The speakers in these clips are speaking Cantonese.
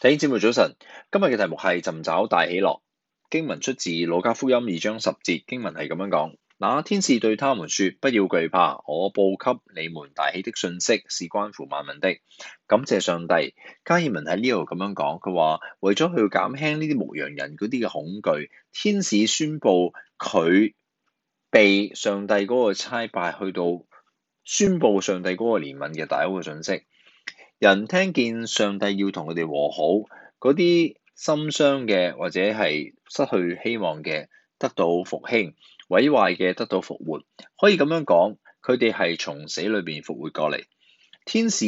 聽節目早晨，今日嘅題目係尋找大喜樂。經文出自《路加福音》二章十節，經文係咁樣講：那天使對他們說，不要懼怕，我報給你們大喜的信息，是關乎萬民的。感謝上帝，加爾文喺呢度咁樣講，佢話為咗去減輕呢啲牧羊人嗰啲嘅恐懼，天使宣布佢被上帝嗰個差派去到，宣布上帝嗰個憐憫嘅大好嘅信息。人聽見上帝要同佢哋和好，嗰啲心傷嘅或者係失去希望嘅，得到復興；毀壞嘅得到復活，可以咁樣講，佢哋係從死裏邊復活過嚟。天使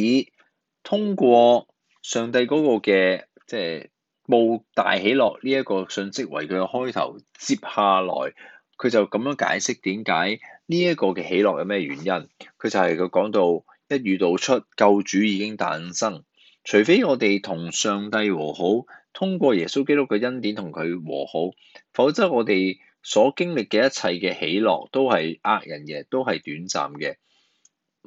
通過上帝嗰個嘅即係報大喜樂呢一個信息為佢嘅開頭，接下來佢就咁樣解釋點解呢一個嘅喜樂有咩原因？佢就係佢講到。一遇到出救主已經誕生，除非我哋同上帝和好，通過耶穌基督嘅恩典同佢和好，否則我哋所經歷嘅一切嘅喜樂都係呃人嘅，都係短暫嘅。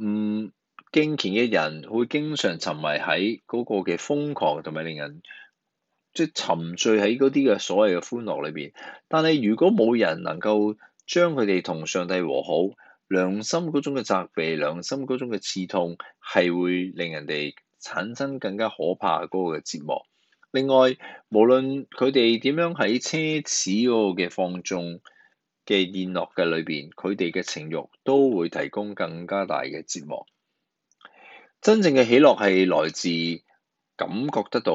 唔敬虔嘅人會經常沉迷喺嗰個嘅瘋狂同埋令人即沉醉喺嗰啲嘅所謂嘅歡樂裏邊。但係如果冇人能夠將佢哋同上帝和好，良心嗰種嘅責備，良心嗰種嘅刺痛，係會令人哋產生更加可怕嗰個嘅折磨。另外，無論佢哋點樣喺奢侈嗰個嘅放縱嘅宴樂嘅裏邊，佢哋嘅情慾都會提供更加大嘅折磨。真正嘅喜樂係來自感覺得到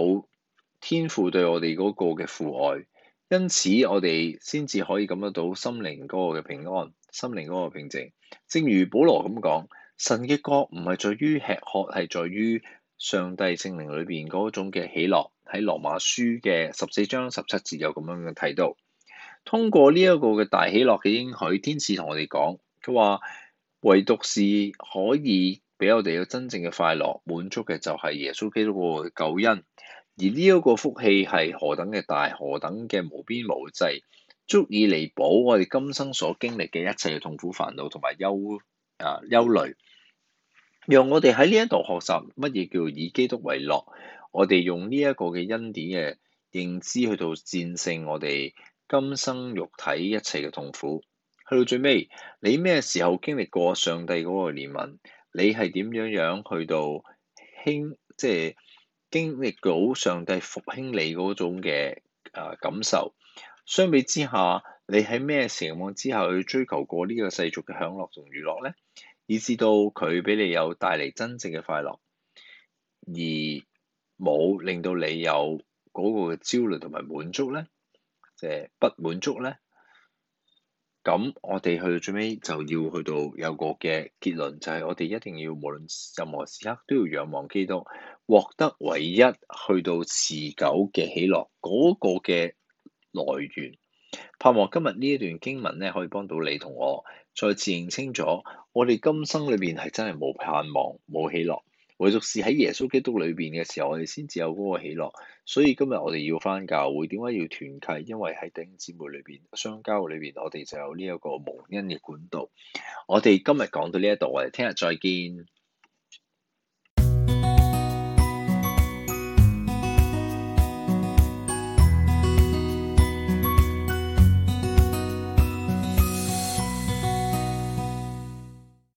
天父對我哋嗰個嘅父愛。因此，我哋先至可以感得到心靈嗰個嘅平安，心靈嗰個平靜。正如保羅咁講，神嘅國唔係在於吃喝，係在於上帝聖靈裏邊嗰種嘅喜樂。喺羅馬書嘅十四章十七節有咁樣嘅提到。通過呢一個嘅大喜樂嘅應許，天使同我哋講，佢話唯獨是可以俾我哋有真正嘅快樂滿足嘅，就係耶穌基督嘅救恩。而呢一個福氣係何等嘅大，何等嘅無邊無際，足以彌補我哋今生所經歷嘅一切嘅痛苦、煩惱同埋憂啊憂慮。讓我哋喺呢一度學習乜嘢叫以基督為樂。我哋用呢一個嘅恩典嘅認知去到戰勝我哋今生肉體一切嘅痛苦。去到最尾，你咩時候經歷過上帝嗰個憐憫？你係點樣樣去到輕即係？經歷到上帝復興你嗰種嘅誒、呃、感受，相比之下，你喺咩情況之下去追求過呢個世俗嘅享樂同娛樂咧？以致到佢俾你有帶嚟真正嘅快樂，而冇令到你有嗰個嘅焦慮同埋滿足咧，即、就、係、是、不滿足咧？咁我哋去到最尾就要去到有個嘅結論，就係我哋一定要無論任何時刻都要仰望基督，獲得唯一去到持久嘅喜樂嗰個嘅來源。盼望今日呢一段經文咧，可以幫到你同我再次認清咗，我哋今生裏面係真係冇盼望、冇喜樂。唯獨是喺耶穌基督裏邊嘅時候，我哋先至有嗰個喜樂。所以今日我哋要返教會，點解要團契？因為喺弟兄姊妹裏邊、相交裏邊，我哋就有呢一個蒙恩嘅管道。我哋今日講到呢一度，我哋聽日再見。